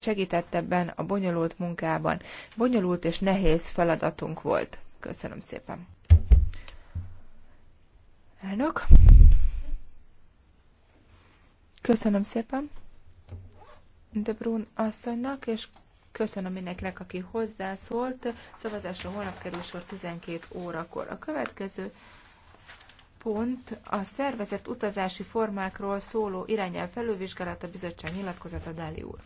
segített ebben a bonyolult munkában. Bonyolult és nehéz feladatunk volt. Köszönöm szépen. Elnök. Köszönöm szépen De Brun asszonynak, és köszönöm mindenkinek, aki hozzászólt. Szavazásra holnap kerül sor 12 órakor. A következő pont a szervezett utazási formákról szóló irányel felülvizsgálata bizottság nyilatkozata Dáli úr.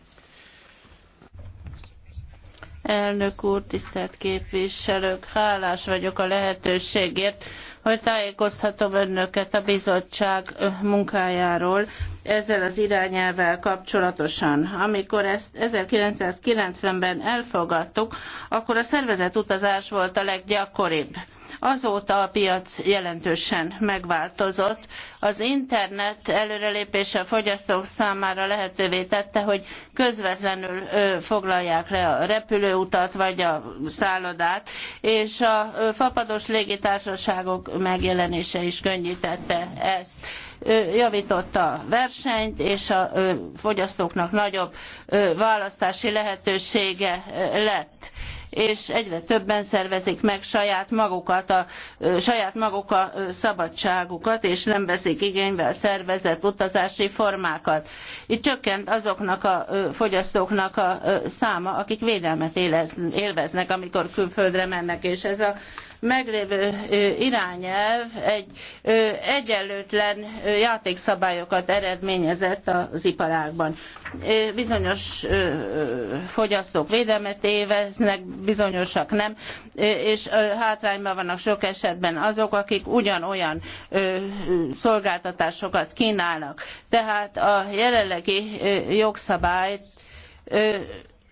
Elnök úr, tisztelt képviselők, hálás vagyok a lehetőségért, hogy tájékoztatom önöket a bizottság munkájáról ezzel az irányelvel kapcsolatosan. Amikor ezt 1990-ben elfogadtuk, akkor a szervezet utazás volt a leggyakoribb. Azóta a piac jelentősen megváltozott. Az internet előrelépése a fogyasztók számára lehetővé tette, hogy közvetlenül foglalják le a repülőutat vagy a szállodát, és a fapados légitársaságok megjelenése is könnyítette ezt javította a versenyt, és a fogyasztóknak nagyobb választási lehetősége lett és egyre többen szervezik meg saját magukat, a, saját maguk a szabadságukat, és nem veszik igénybe a szervezett utazási formákat. Itt csökkent azoknak a fogyasztóknak a száma, akik védelmet élveznek, amikor külföldre mennek, és ez a meglévő irányelv egy egyenlőtlen játékszabályokat eredményezett az iparágban. Bizonyos fogyasztók védelmet éveznek, bizonyosak nem, és hátrányban vannak sok esetben azok, akik ugyanolyan szolgáltatásokat kínálnak. Tehát a jelenlegi jogszabályt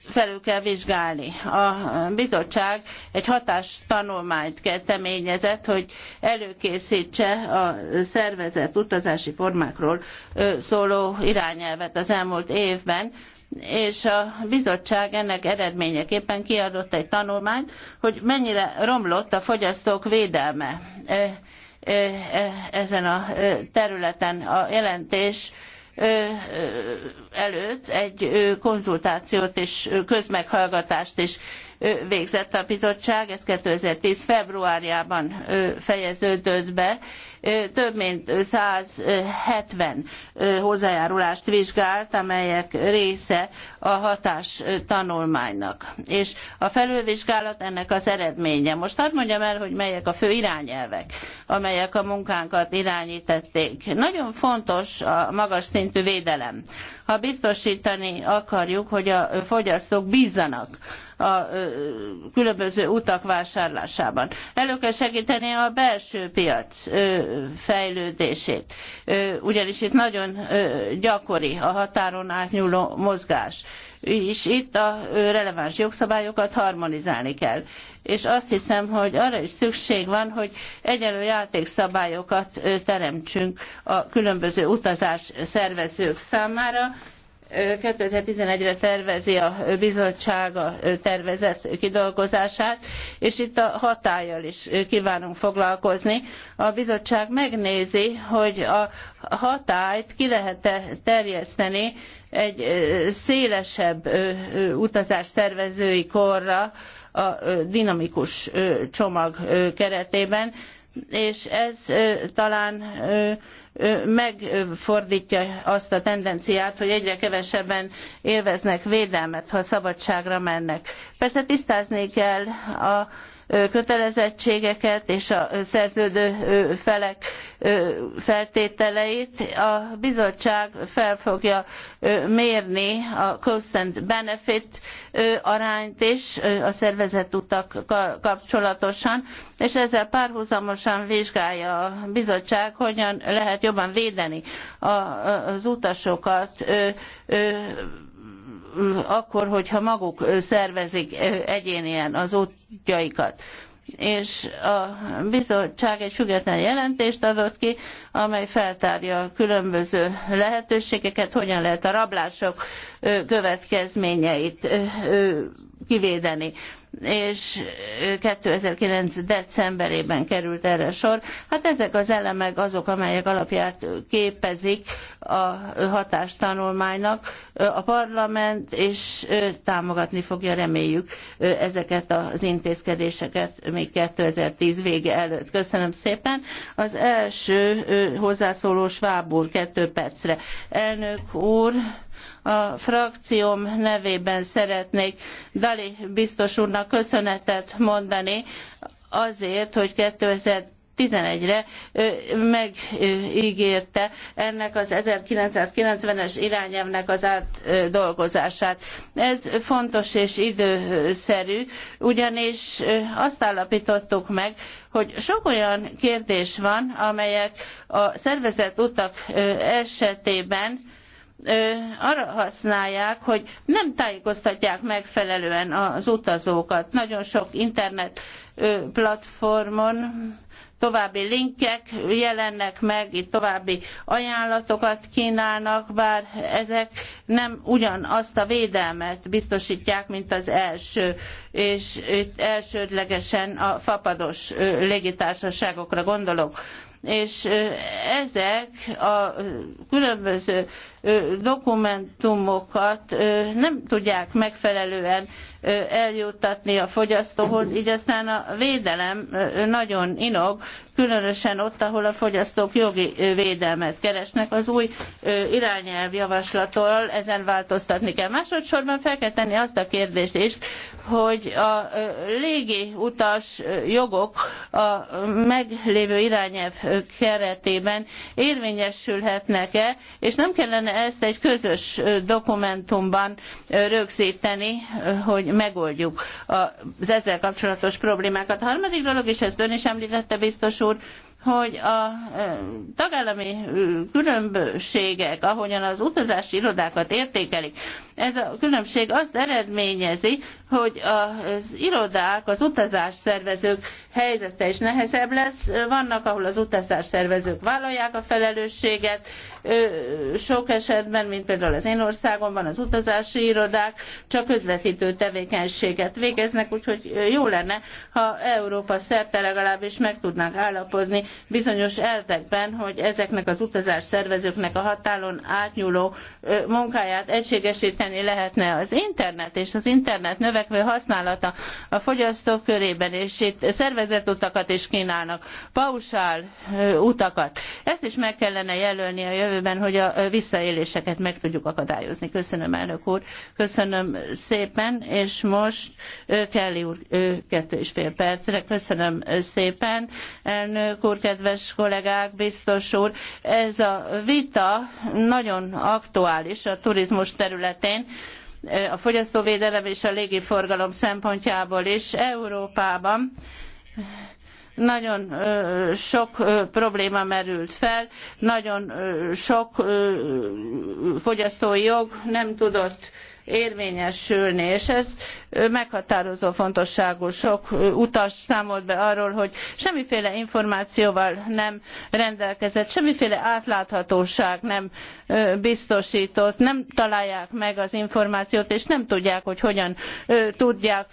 felül kell vizsgálni. A bizottság egy hatástanulmányt kezdeményezett, hogy előkészítse a szervezett utazási formákról szóló irányelvet az elmúlt évben, és a bizottság ennek eredményeképpen kiadott egy tanulmányt, hogy mennyire romlott a fogyasztók védelme ezen a területen. A jelentés előtt egy konzultációt és közmeghallgatást is végzett a bizottság, ez 2010. februárjában fejeződött be, több mint 170 hozzájárulást vizsgált, amelyek része a hatás tanulmánynak. És a felülvizsgálat ennek az eredménye. Most hadd mondjam el, hogy melyek a fő irányelvek, amelyek a munkánkat irányítették. Nagyon fontos a magas szintű védelem. Ha biztosítani akarjuk, hogy a fogyasztók bízzanak a különböző utak vásárlásában. Elő kell segíteni a belső piac fejlődését. Ugyanis itt nagyon gyakori a határon átnyúló mozgás. És itt a releváns jogszabályokat harmonizálni kell és azt hiszem, hogy arra is szükség van, hogy egyenlő játékszabályokat teremtsünk a különböző utazás szervezők számára, 2011-re tervezi a bizottság a tervezet kidolgozását, és itt a hatállyal is kívánunk foglalkozni. A bizottság megnézi, hogy a hatályt ki lehet-e terjeszteni egy szélesebb utazás körre korra a dinamikus csomag keretében, és ez talán megfordítja azt a tendenciát, hogy egyre kevesebben élveznek védelmet, ha szabadságra mennek. Persze tisztázni kell a kötelezettségeket és a szerződő felek feltételeit. A bizottság fel fogja mérni a cost and benefit arányt is a szervezett utak kapcsolatosan, és ezzel párhuzamosan vizsgálja a bizottság, hogyan lehet jobban védeni az utasokat akkor, hogyha maguk szervezik egyénien az útjaikat és a bizottság egy független jelentést adott ki, amely feltárja a különböző lehetőségeket, hogyan lehet a rablások következményeit kivédeni. És 2009. decemberében került erre sor. Hát ezek az elemek azok, amelyek alapját képezik a hatástanulmánynak. A parlament és támogatni fogja, reméljük, ezeket az intézkedéseket még 2010 vége előtt. Köszönöm szépen. Az első hozzászóló Svábúr, kettő percre. Elnök úr, a frakcióm nevében szeretnék Dali biztos úrnak köszönetet mondani azért, hogy 2000 2011-re megígérte ennek az 1990-es irányelvnek az átdolgozását. Ez fontos és időszerű, ugyanis azt állapítottuk meg, hogy sok olyan kérdés van, amelyek a szervezett utak esetében arra használják, hogy nem tájékoztatják megfelelően az utazókat. Nagyon sok internet platformon további linkek jelennek meg, itt további ajánlatokat kínálnak, bár ezek nem ugyanazt a védelmet biztosítják, mint az első, és itt elsődlegesen a fapados légitársaságokra gondolok és ezek a különböző dokumentumokat nem tudják megfelelően eljuttatni a fogyasztóhoz, így aztán a védelem nagyon inog, különösen ott, ahol a fogyasztók jogi védelmet keresnek. Az új irányelv ezen változtatni kell. Másodszorban fel kell tenni azt a kérdést is, hogy a légi utas jogok a meglévő irányelv keretében érvényesülhetnek-e, és nem kellene kellene ezt egy közös dokumentumban rögzíteni, hogy megoldjuk az ezzel kapcsolatos problémákat. A harmadik dolog, és ezt ön is említette, biztos úr, hogy a tagállami különbségek, ahogyan az utazási irodákat értékelik, ez a különbség azt eredményezi, hogy az irodák, az utazás szervezők helyzete is nehezebb lesz. Vannak, ahol az utazás szervezők vállalják a felelősséget. Sok esetben, mint például az én országomban, az utazási irodák csak közvetítő tevékenységet végeznek, úgyhogy jó lenne, ha Európa szerte legalábbis meg tudnánk állapodni bizonyos elvekben, hogy ezeknek az utazás szervezőknek a határon átnyúló munkáját egységesíteni javítani lehetne az internet és az internet növekvő használata a fogyasztók körében, és itt szervezett utakat is kínálnak, pausál utakat. Ezt is meg kellene jelölni a jövőben, hogy a visszaéléseket meg tudjuk akadályozni. Köszönöm, elnök úr. Köszönöm szépen, és most Kelly úr kettő és fél percre. Köszönöm szépen, elnök úr, kedves kollégák, biztos úr. Ez a vita nagyon aktuális a turizmus területén területén, a fogyasztóvédelem és a légiforgalom szempontjából is Európában nagyon sok probléma merült fel, nagyon sok fogyasztói jog nem tudott érvényesülni, és ez meghatározó fontosságú. Sok utas számolt be arról, hogy semmiféle információval nem rendelkezett, semmiféle átláthatóság nem biztosított, nem találják meg az információt, és nem tudják, hogy hogyan tudják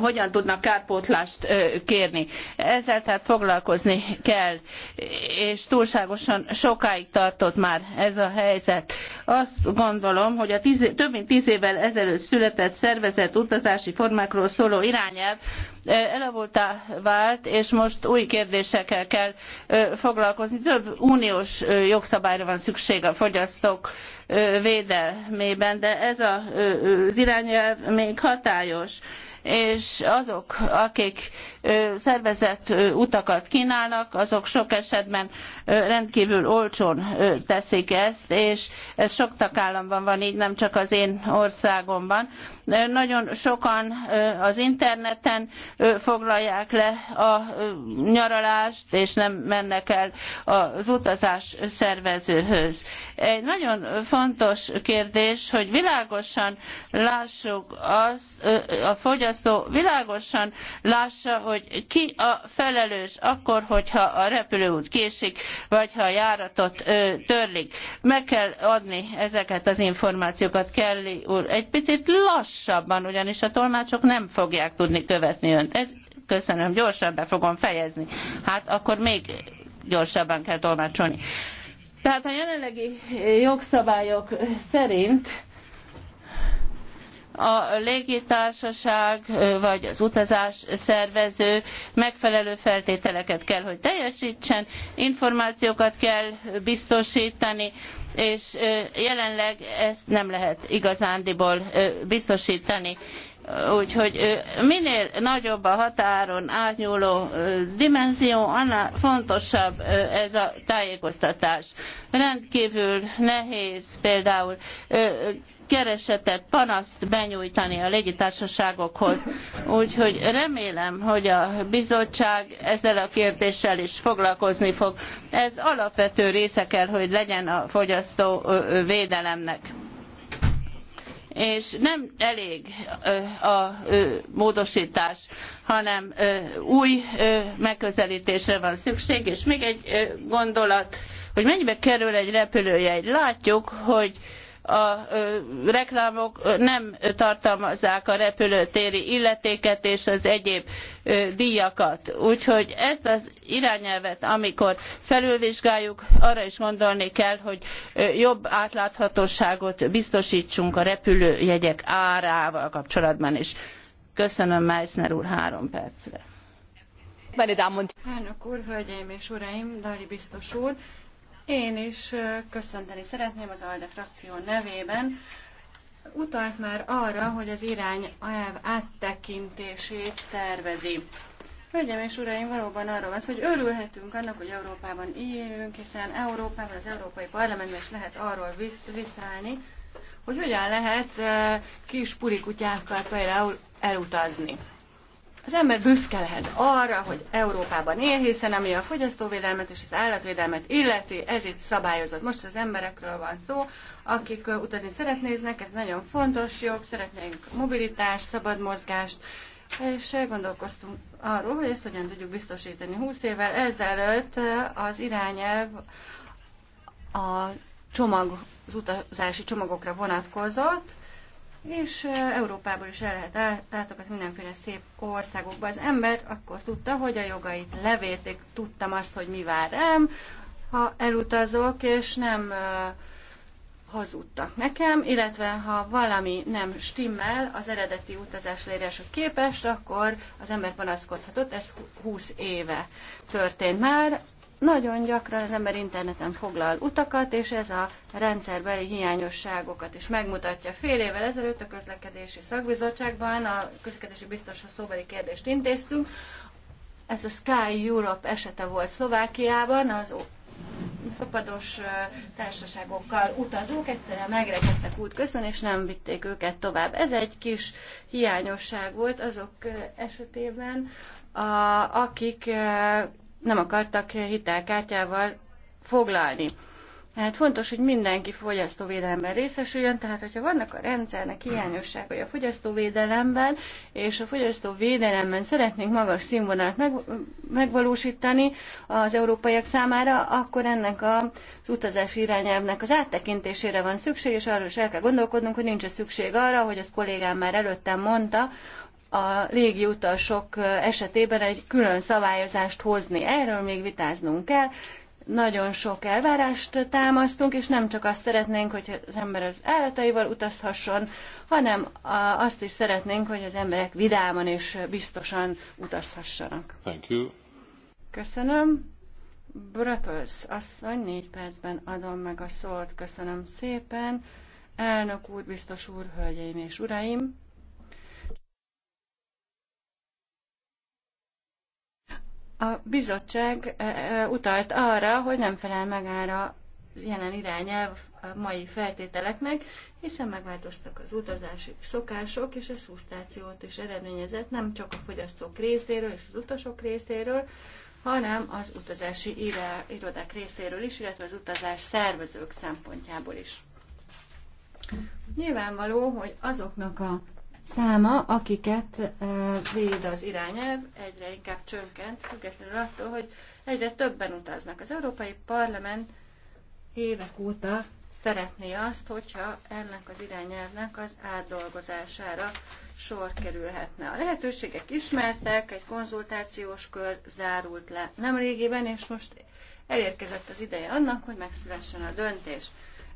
hogyan tudnak kárpótlást kérni. Ezzel tehát foglalkozni kell, és túlságosan sokáig tartott már ez a helyzet. Azt gondolom, hogy a tíz, több mint tíz évvel ezelőtt született szervezett utazási formákról szóló irányelv elavultá vált, és most új kérdésekkel kell foglalkozni. Több uniós jogszabályra van szükség a fogyasztók védelmében, de ez az irányelv még hatályos és azok, akik szervezett utakat kínálnak, azok sok esetben rendkívül olcsón teszik ezt, és ez sok tagállamban van így, nem csak az én országomban. Nagyon sokan az interneten foglalják le a nyaralást, és nem mennek el az utazás szervezőhöz. Egy nagyon fontos kérdés, hogy világosan lássuk azt, a fogyasztó világosan lássa, hogy hogy ki a felelős akkor, hogyha a repülőút késik, vagy ha a járatot ö, törlik. Meg kell adni ezeket az információkat, Kelly úr. Egy picit lassabban, ugyanis a tolmácsok nem fogják tudni követni önt. Ez, köszönöm, gyorsan be fogom fejezni. Hát akkor még gyorsabban kell tolmácsolni. Tehát a jelenlegi jogszabályok szerint a légitársaság vagy az utazás szervező megfelelő feltételeket kell, hogy teljesítsen, információkat kell biztosítani, és jelenleg ezt nem lehet igazándiból biztosítani Úgyhogy minél nagyobb a határon átnyúló dimenzió, annál fontosabb ez a tájékoztatás. Rendkívül nehéz például keresetet, panaszt benyújtani a légitársaságokhoz. Úgyhogy remélem, hogy a bizottság ezzel a kérdéssel is foglalkozni fog. Ez alapvető része kell, hogy legyen a fogyasztó védelemnek és nem elég a módosítás, hanem új megközelítésre van szükség, és még egy gondolat, hogy mennyibe kerül egy repülőjegy. Látjuk, hogy a reklámok nem tartalmazzák a repülőtéri illetéket és az egyéb díjakat. Úgyhogy ezt az irányelvet, amikor felülvizsgáljuk, arra is gondolni kell, hogy jobb átláthatóságot biztosítsunk a repülőjegyek árával kapcsolatban is. Köszönöm Meissner úr három percre. Elnök úr, hölgyeim és uraim, Dali biztos úr, én is köszönteni szeretném az ALDE frakció nevében. Utalt már arra, hogy az irány áttekintését tervezi. Hölgyeim és uraim, valóban arról van hogy örülhetünk annak, hogy Európában élünk, hiszen Európában, az Európai Parlamentben is lehet arról viszálni, hogy hogyan lehet kis purikutyákkal például elutazni. Az ember büszke lehet arra, hogy Európában él, hiszen ami a fogyasztóvédelmet és az állatvédelmet illeti, ez itt szabályozott. Most az emberekről van szó, akik utazni szeretnéznek, ez nagyon fontos jog, szeretnénk mobilitást, szabad mozgást, és gondolkoztunk arról, hogy ezt hogyan tudjuk biztosítani. 20 évvel ezelőtt az irányelv a csomag, az utazási csomagokra vonatkozott, és Európából is el lehet látogatni mindenféle szép országokba. Az ember akkor tudta, hogy a jogait levérték, tudtam azt, hogy mi vár rám, ha elutazok, és nem hazudtak nekem, illetve ha valami nem stimmel az eredeti utazás leíráshoz képest, akkor az ember panaszkodhatott, ez 20 éve történt már, nagyon gyakran az ember interneten foglal utakat, és ez a rendszerbeli hiányosságokat is megmutatja. Fél évvel ezelőtt a közlekedési szakbizottságban a közlekedési biztoshoz szóbeli kérdést intéztünk. Ez a Sky Europe esete volt Szlovákiában, az fapados társaságokkal utazók egyszerűen megrekedtek közben és nem vitték őket tovább. Ez egy kis hiányosság volt azok esetében, a, akik nem akartak hitelkártyával foglalni. Hát fontos, hogy mindenki fogyasztóvédelemben részesüljön, tehát hogyha vannak a rendszernek hiányosságai a fogyasztóvédelemben, és a fogyasztóvédelemben szeretnénk magas színvonalat meg, megvalósítani az európaiak számára, akkor ennek az utazási irányelvnek az áttekintésére van szükség, és arról is el kell gondolkodnunk, hogy nincs -e szükség arra, hogy az kollégám már előttem mondta, a légiutasok esetében egy külön szabályozást hozni. Erről még vitáznunk kell. Nagyon sok elvárást támasztunk, és nem csak azt szeretnénk, hogy az ember az állataival utazhasson, hanem azt is szeretnénk, hogy az emberek vidáman és biztosan utazhassanak. Thank you. Köszönöm. Bröpölsz asszony, négy percben adom meg a szót. Köszönöm szépen. Elnök úr, biztos úr, hölgyeim és uraim! A bizottság utalt arra, hogy nem felel meg ára jelen irányelv a mai feltételeknek, hiszen megváltoztak az utazási szokások, és a szusztációt is eredményezett nem csak a fogyasztók részéről és az utasok részéről, hanem az utazási irodák részéről is, illetve az utazás szervezők szempontjából is. Nyilvánvaló, hogy azoknak a száma, akiket véd az irányelv, egyre inkább csökkent, függetlenül attól, hogy egyre többen utaznak. Az Európai Parlament évek óta szeretné azt, hogyha ennek az irányelvnek az átdolgozására sor kerülhetne. A lehetőségek ismertek, egy konzultációs kör zárult le nemrégében, és most elérkezett az ideje annak, hogy megszülessen a döntés.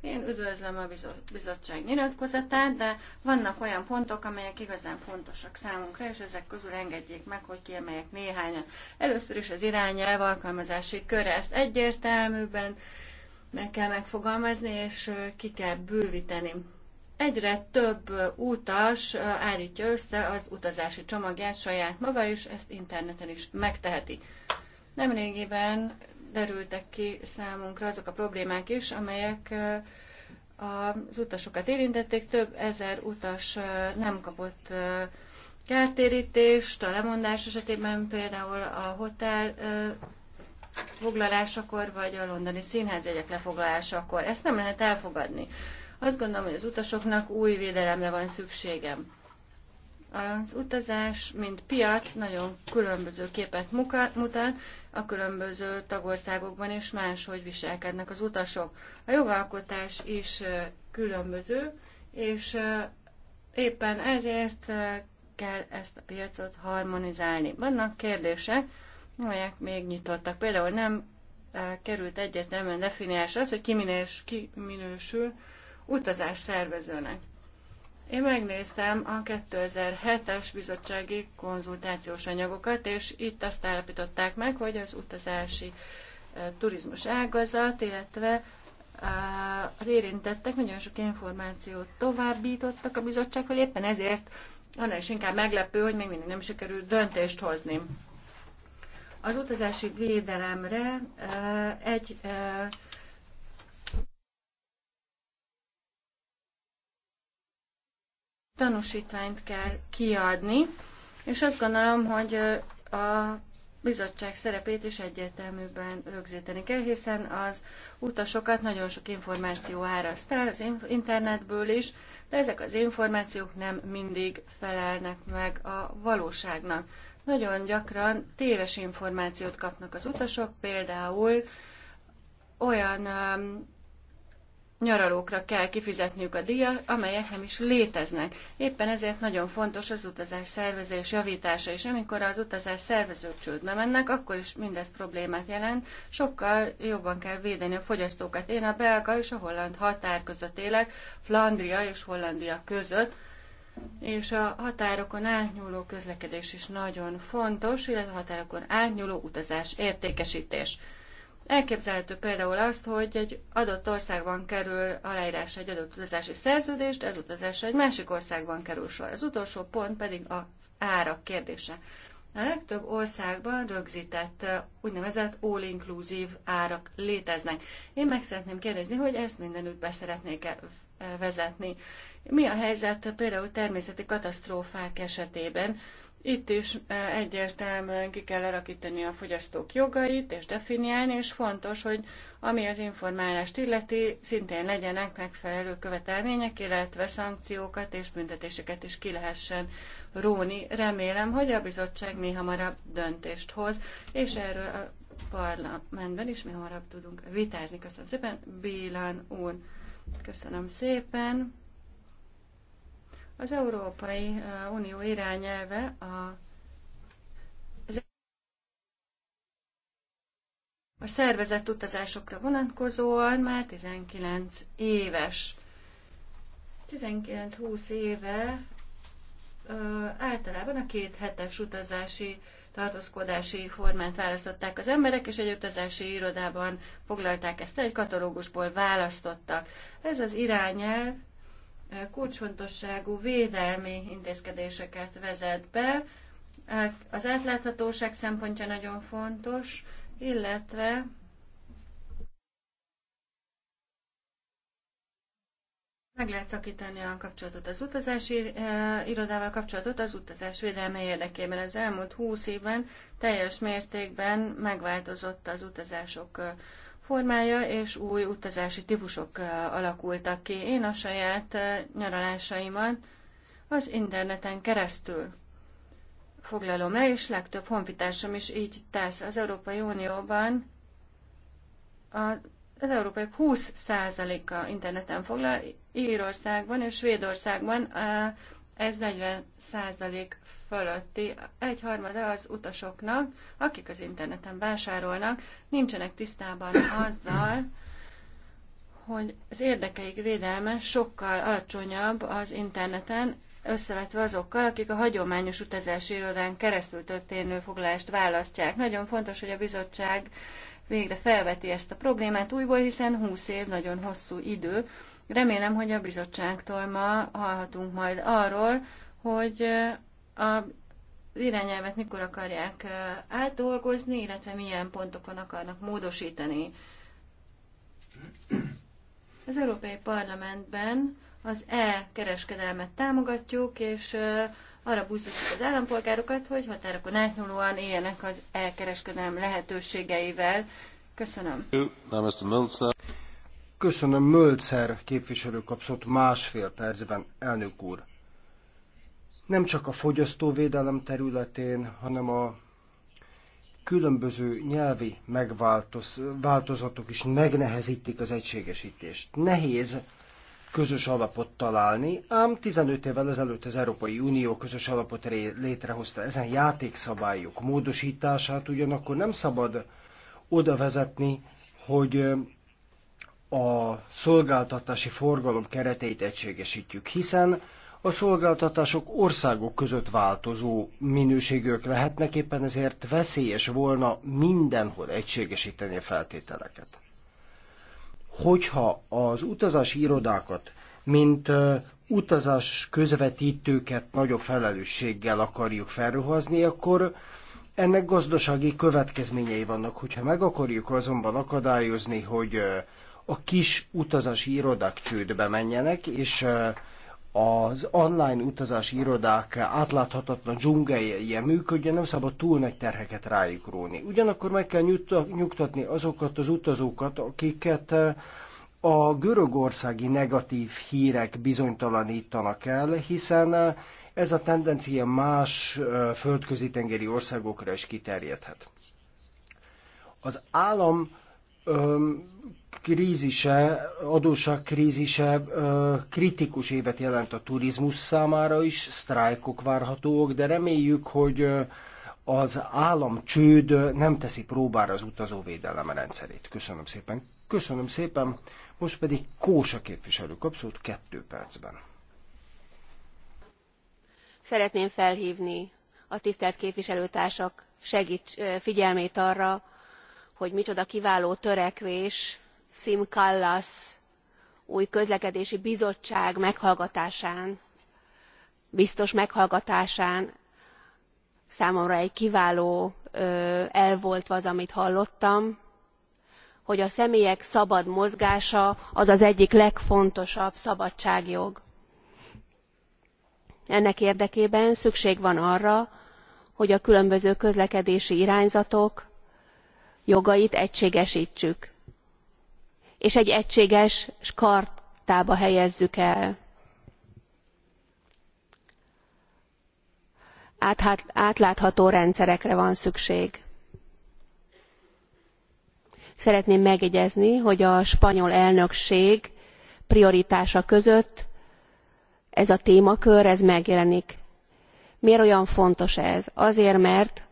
Én üdvözlöm a bizottság nyilatkozatát, de vannak olyan pontok, amelyek igazán fontosak számunkra, és ezek közül engedjék meg, hogy kiemeljek néhányat. Először is az irányelv alkalmazási köre, ezt egyértelműben meg kell megfogalmazni, és ki kell bővíteni. Egyre több utas állítja össze az utazási csomagját saját maga, is ezt interneten is megteheti. Nemrégiben derültek ki számunkra azok a problémák is, amelyek az utasokat érintették. Több ezer utas nem kapott kártérítést, a lemondás esetében például a hotel foglalásakor, vagy a londoni színházjegyek lefoglalásakor. Ezt nem lehet elfogadni. Azt gondolom, hogy az utasoknak új védelemre van szükségem. Az utazás, mint piac nagyon különböző képet mutat, a különböző tagországokban és máshogy viselkednek az utasok. A jogalkotás is különböző, és éppen ezért kell ezt a piacot harmonizálni. Vannak kérdések, amelyek még nyitottak. Például nem került egyetemen definiálásra az, hogy ki minősül utazás szervezőnek. Én megnéztem a 2007-es bizottsági konzultációs anyagokat, és itt azt állapították meg, hogy az utazási turizmus ágazat, illetve az érintettek nagyon sok információt továbbítottak a bizottsághoz, éppen ezért annál is inkább meglepő, hogy még mindig nem sikerült döntést hozni. Az utazási védelemre egy tanúsítványt kell kiadni, és azt gondolom, hogy a bizottság szerepét is egyértelműben rögzíteni kell, hiszen az utasokat nagyon sok információ áraszt el az internetből is, de ezek az információk nem mindig felelnek meg a valóságnak. Nagyon gyakran téves információt kapnak az utasok, például olyan um, nyaralókra kell kifizetniük a díjat, amelyek nem is léteznek. Éppen ezért nagyon fontos az utazás szervezés javítása, és amikor az utazás szervezők csődbe mennek, akkor is mindez problémát jelent. Sokkal jobban kell védeni a fogyasztókat. Én a belga és a holland határ között élek, Flandria és Hollandia között, és a határokon átnyúló közlekedés is nagyon fontos, illetve a határokon átnyúló utazás értékesítés. Elképzelhető például azt, hogy egy adott országban kerül aláírás egy adott utazási szerződést, ez utazásra egy másik országban kerül sor. Az utolsó pont pedig az árak kérdése. A legtöbb országban rögzített eh, úgynevezett all-inclusive árak léteznek. Én meg szeretném kérdezni, hogy ezt mindenütt be szeretnék -e eh, vezetni. Mi a helyzet például természeti katasztrófák esetében? Itt is e, egyértelműen ki kell alakítani a fogyasztók jogait és definiálni, és fontos, hogy ami az informálást illeti, szintén legyenek megfelelő követelmények, illetve szankciókat és büntetéseket is ki lehessen róni. Remélem, hogy a bizottság mi hamarabb döntést hoz, és erről a parlamentben is mi hamarabb tudunk vitázni. Köszönöm szépen, Bílán úr. Köszönöm szépen. Az Európai Unió irányelve a A szervezett utazásokra vonatkozóan már 19 éves. 19-20 éve ö, általában a két hetes utazási tartózkodási formát választották az emberek, és egy utazási irodában foglalták ezt, egy katalógusból választottak. Ez az irányelv kulcsfontosságú védelmi intézkedéseket vezet be. Az átláthatóság szempontja nagyon fontos, illetve meg lehet szakítani a kapcsolatot az utazási eh, irodával kapcsolatot az utazás védelme érdekében. Az elmúlt húsz évben teljes mértékben megváltozott az utazások eh, formája, és új utazási típusok alakultak ki. Én a saját nyaralásaimat az interneten keresztül foglalom el és legtöbb honfitársam is így tesz. Az Európai Unióban az európai 20%-a interneten foglal, Írországban és Svédországban ez 40 százalék fölötti, egy harmada az utasoknak, akik az interneten vásárolnak, nincsenek tisztában azzal, hogy az érdekeik védelme sokkal alacsonyabb az interneten, összevetve azokkal, akik a hagyományos utazási irodán keresztül történő foglalást választják. Nagyon fontos, hogy a bizottság végre felveti ezt a problémát újból, hiszen 20 év nagyon hosszú idő, Remélem, hogy a bizottságtól ma hallhatunk majd arról, hogy a irányelvet mikor akarják átdolgozni, illetve milyen pontokon akarnak módosítani. Az Európai Parlamentben az e-kereskedelmet támogatjuk, és arra buzdítjuk az állampolgárokat, hogy határokon átnyúlóan éljenek az elkereskedelem lehetőségeivel. Köszönöm. Köszönöm, Mölcer képviselő kapszott másfél percben, elnök úr. Nem csak a fogyasztóvédelem területén, hanem a különböző nyelvi megváltozatok is megnehezítik az egységesítést. Nehéz közös alapot találni, ám 15 évvel ezelőtt az Európai Unió közös alapot létrehozta. Ezen játékszabályok módosítását ugyanakkor nem szabad oda vezetni, hogy a szolgáltatási forgalom kereteit egységesítjük, hiszen a szolgáltatások országok között változó minőségűek lehetnek, éppen ezért veszélyes volna mindenhol egységesíteni a feltételeket. Hogyha az utazási irodákat, mint utazás közvetítőket nagyobb felelősséggel akarjuk felruházni, akkor ennek gazdasági következményei vannak. Hogyha meg akarjuk azonban akadályozni, hogy a kis utazási irodák csődbe menjenek, és az online utazási irodák átláthatatlan dzsungelje működjön, nem szabad túl nagy terheket rájuk róni. Ugyanakkor meg kell nyugtatni azokat az utazókat, akiket a görögországi negatív hírek bizonytalanítanak el, hiszen ez a tendencia más földközi-tengeri országokra is kiterjedhet. Az állam krízise, adósság krízise kritikus évet jelent a turizmus számára is, sztrájkok várhatók, de reméljük, hogy az állam csőd nem teszi próbára az utazóvédelem rendszerét. Köszönöm szépen. Köszönöm szépen. Most pedig Kósa képviselő kapszót kettő percben. Szeretném felhívni a tisztelt képviselőtársak segíts, figyelmét arra, hogy micsoda kiváló törekvés siim kallas új közlekedési bizottság meghallgatásán biztos meghallgatásán számomra egy kiváló elv volt az amit hallottam hogy a személyek szabad mozgása az az egyik legfontosabb szabadságjog. ennek érdekében szükség van arra hogy a különböző közlekedési irányzatok jogait egységestsük és egy egységes chartába helyezzük el. átlátható rendszerekre van szükség. szeretném megjegyezni hogy a spanyol elnökség prioritása között ez a témakör ez megjelenik. miért olyan fontos ez? azért mert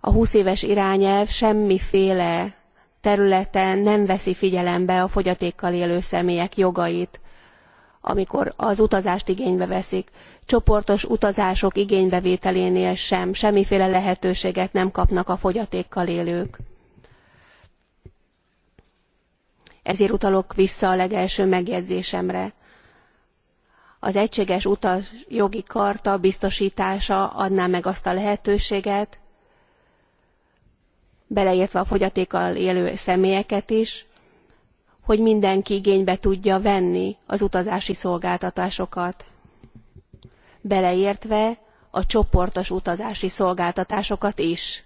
a 20 éves irányelv semmiféle területen nem veszi figyelembe a fogyatékkal élő személyek jogait amikor az utazást igénybe veszik csoportos utazások igénybevételénél sem semmiféle lehetőséget nem kapnak a fogyatékkal élők. ezért utalok vissza a legelső megjegyzésemre az egységes utasjogi karta biztostása adná meg azt a lehetőséget beleértve a fogyatékkal élő személyeket is, hogy mindenki igénybe tudja venni az utazási szolgáltatásokat, beleértve a csoportos utazási szolgáltatásokat is.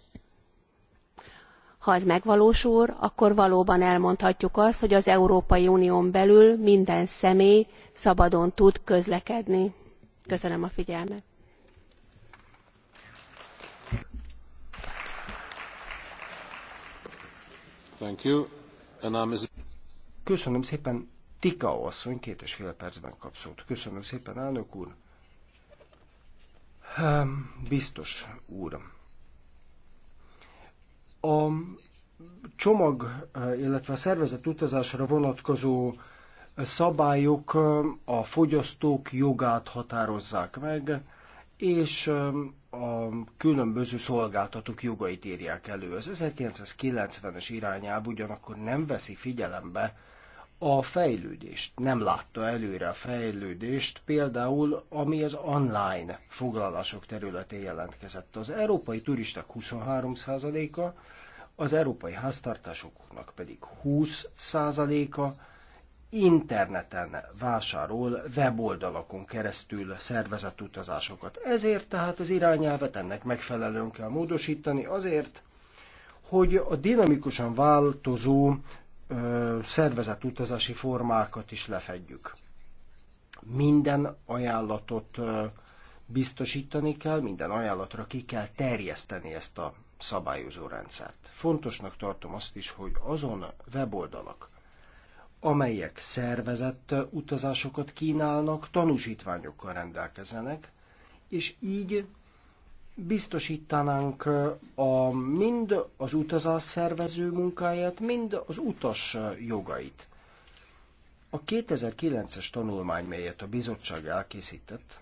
Ha ez megvalósul, akkor valóban elmondhatjuk azt, hogy az Európai Unión belül minden személy szabadon tud közlekedni. Köszönöm a figyelmet. Köszönöm szépen, Tika asszony, két és fél percben kap szót. Köszönöm szépen, elnök úr. Biztos úr. A csomag, illetve a szervezet utazásra vonatkozó szabályok a fogyasztók jogát határozzák meg, és a különböző szolgáltatók jogait írják elő. Az 1990-es irányába ugyanakkor nem veszi figyelembe a fejlődést, nem látta előre a fejlődést, például ami az online foglalások területén jelentkezett. Az európai turisták 23%-a, az európai háztartásoknak pedig 20%-a interneten vásárol weboldalakon keresztül szervezett utazásokat. Ezért tehát az irányelvet ennek megfelelően kell módosítani, azért, hogy a dinamikusan változó ö, szervezett utazási formákat is lefedjük. Minden ajánlatot ö, biztosítani kell, minden ajánlatra ki kell terjeszteni ezt a szabályozó rendszert. Fontosnak tartom azt is, hogy azon weboldalak, amelyek szervezett utazásokat kínálnak, tanúsítványokkal rendelkezenek, és így biztosítanánk a, mind az utazás szervező munkáját, mind az utas jogait. A 2009-es tanulmány, melyet a bizottság elkészített,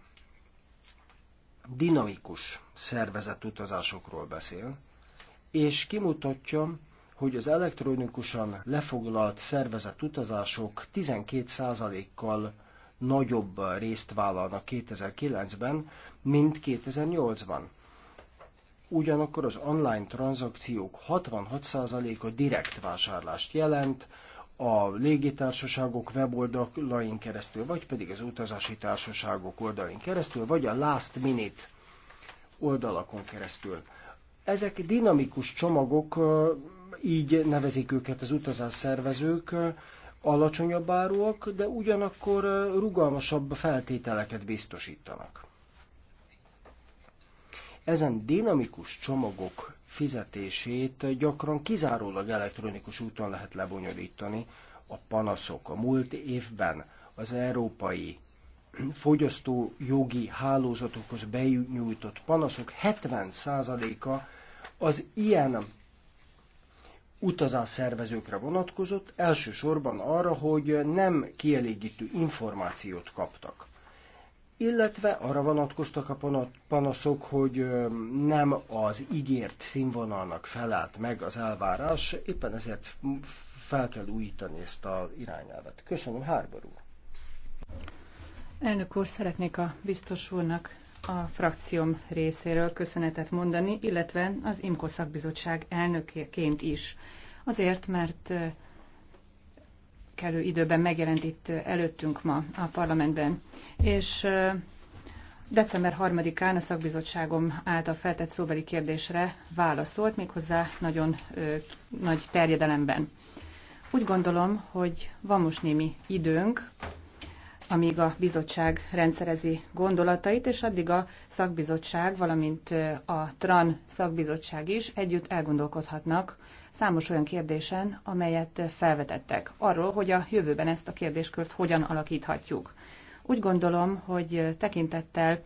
dinamikus szervezett utazásokról beszél, és kimutatja, hogy az elektronikusan lefoglalt szervezett utazások 12%-kal nagyobb részt vállalnak 2009-ben, mint 2008-ban. Ugyanakkor az online tranzakciók 66%-a direkt vásárlást jelent, a légitársaságok weboldalain keresztül, vagy pedig az utazási társaságok oldalain keresztül, vagy a last minute oldalakon keresztül. Ezek dinamikus csomagok így nevezik őket az utazás szervezők, alacsonyabb áruak, de ugyanakkor rugalmasabb feltételeket biztosítanak. Ezen dinamikus csomagok fizetését gyakran kizárólag elektronikus úton lehet lebonyolítani. A panaszok a múlt évben az európai fogyasztó jogi hálózatokhoz benyújtott panaszok 70%-a az ilyen utazás szervezőkre vonatkozott, elsősorban arra, hogy nem kielégítő információt kaptak. Illetve arra vonatkoztak a panaszok, hogy nem az ígért színvonalnak felállt meg az elvárás, éppen ezért fel kell újítani ezt a irányelvet. Köszönöm, Hárbor úr! Elnök úr, szeretnék a biztos úrnak a frakcióm részéről köszönetet mondani, illetve az IMKO szakbizottság elnökeként is. Azért, mert kellő időben megjelent itt előttünk ma a parlamentben. És december 3-án a szakbizottságom által feltett szóbeli kérdésre válaszolt, méghozzá nagyon ö, nagy terjedelemben. Úgy gondolom, hogy van most némi időnk, amíg a bizottság rendszerezi gondolatait, és addig a szakbizottság, valamint a TRAN szakbizottság is együtt elgondolkodhatnak számos olyan kérdésen, amelyet felvetettek. Arról, hogy a jövőben ezt a kérdéskört hogyan alakíthatjuk. Úgy gondolom, hogy tekintettel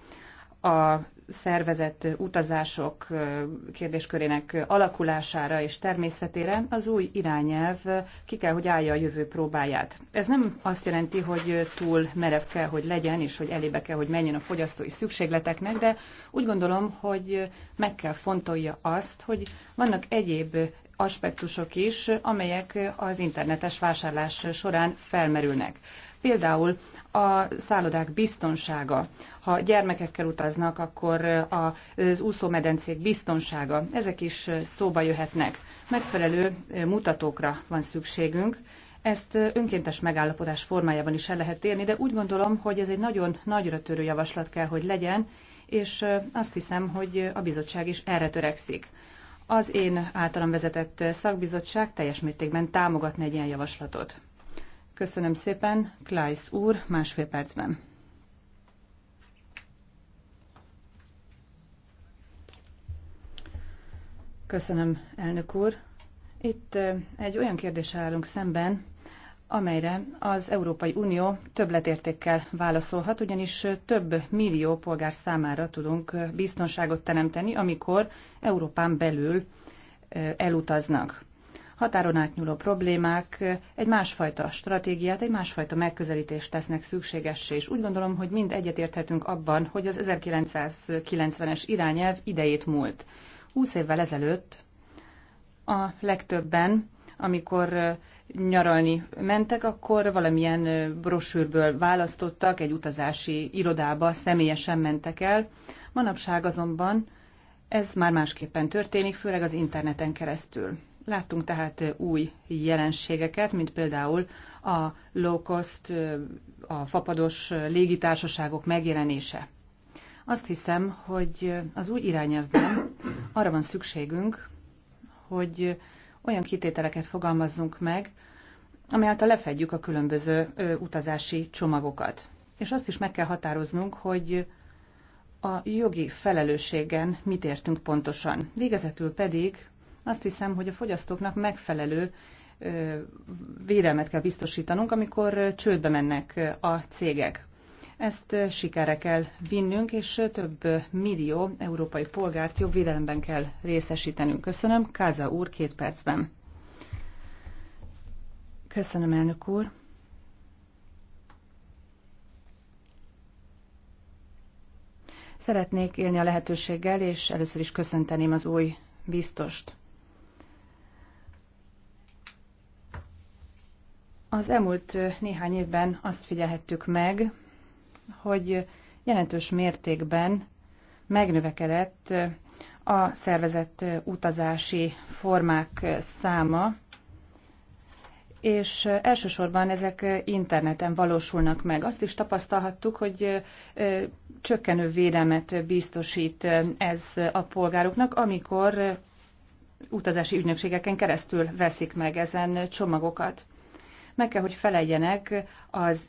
a szervezett utazások kérdéskörének alakulására és természetére az új irányelv ki kell, hogy állja a jövő próbáját. Ez nem azt jelenti, hogy túl merev kell, hogy legyen, és hogy elébe kell, hogy menjen a fogyasztói szükségleteknek, de úgy gondolom, hogy meg kell fontolja azt, hogy vannak egyéb aspektusok is, amelyek az internetes vásárlás során felmerülnek. Például a szállodák biztonsága, ha gyermekekkel utaznak, akkor az úszómedencék biztonsága, ezek is szóba jöhetnek. Megfelelő mutatókra van szükségünk, ezt önkéntes megállapodás formájában is el lehet érni, de úgy gondolom, hogy ez egy nagyon nagyra törő javaslat kell, hogy legyen, és azt hiszem, hogy a bizottság is erre törekszik. Az én általam vezetett szakbizottság teljes mértékben támogatna egy ilyen javaslatot. Köszönöm szépen, Klajsz úr, másfél percben. Köszönöm, elnök úr. Itt egy olyan kérdéssel állunk szemben, amelyre az Európai Unió többletértékkel válaszolhat, ugyanis több millió polgár számára tudunk biztonságot teremteni, amikor Európán belül elutaznak. Határon átnyúló problémák egy másfajta stratégiát, egy másfajta megközelítést tesznek szükségessé, és úgy gondolom, hogy mind egyetérthetünk abban, hogy az 1990-es irányelv idejét múlt. 20 évvel ezelőtt a legtöbben, amikor nyaralni mentek, akkor valamilyen brosűrből választottak, egy utazási irodába személyesen mentek el. Manapság azonban ez már másképpen történik, főleg az interneten keresztül. Láttunk tehát új jelenségeket, mint például a low cost, a fapados légitársaságok megjelenése. Azt hiszem, hogy az új irányelvben arra van szükségünk, hogy olyan kitételeket fogalmazzunk meg, amely által lefedjük a különböző utazási csomagokat. És azt is meg kell határoznunk, hogy a jogi felelősségen mit értünk pontosan. Végezetül pedig azt hiszem, hogy a fogyasztóknak megfelelő védelmet kell biztosítanunk, amikor csődbe mennek a cégek. Ezt sikere kell vinnünk, és több millió európai polgárt jobb védelemben kell részesítenünk. Köszönöm. Káza úr, két percben. Köszönöm, elnök úr. Szeretnék élni a lehetőséggel, és először is köszönteném az új biztost. Az elmúlt néhány évben azt figyelhettük meg, hogy jelentős mértékben megnövekedett a szervezett utazási formák száma, és elsősorban ezek interneten valósulnak meg. Azt is tapasztalhattuk, hogy csökkenő védelmet biztosít ez a polgároknak, amikor utazási ügynökségeken keresztül veszik meg ezen csomagokat. Meg kell, hogy felejjenek az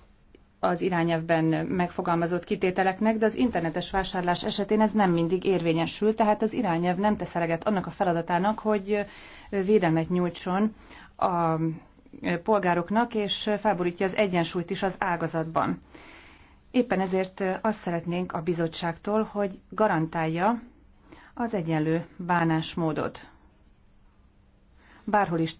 az irányelvben megfogalmazott kitételeknek, de az internetes vásárlás esetén ez nem mindig érvényesül, tehát az irányelv nem tesz eleget annak a feladatának, hogy védelmet nyújtson a polgároknak, és felborítja az egyensúlyt is az ágazatban. Éppen ezért azt szeretnénk a bizottságtól, hogy garantálja az egyenlő bánásmódot. Bárhol is